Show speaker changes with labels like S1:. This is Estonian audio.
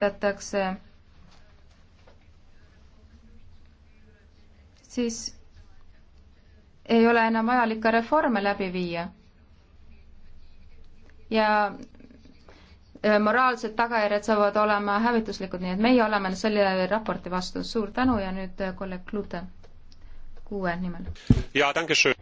S1: esitatakse, siis ei ole enam vajalik ka reforme läbi viia. ja e, moraalsed tagajärjed saavad olema hävituslikud, nii et meie oleme selle raporti vastu. suur tänu ja nüüd e, kolleeg Klute
S2: kuue nimel.
S3: jaa, tänke schön.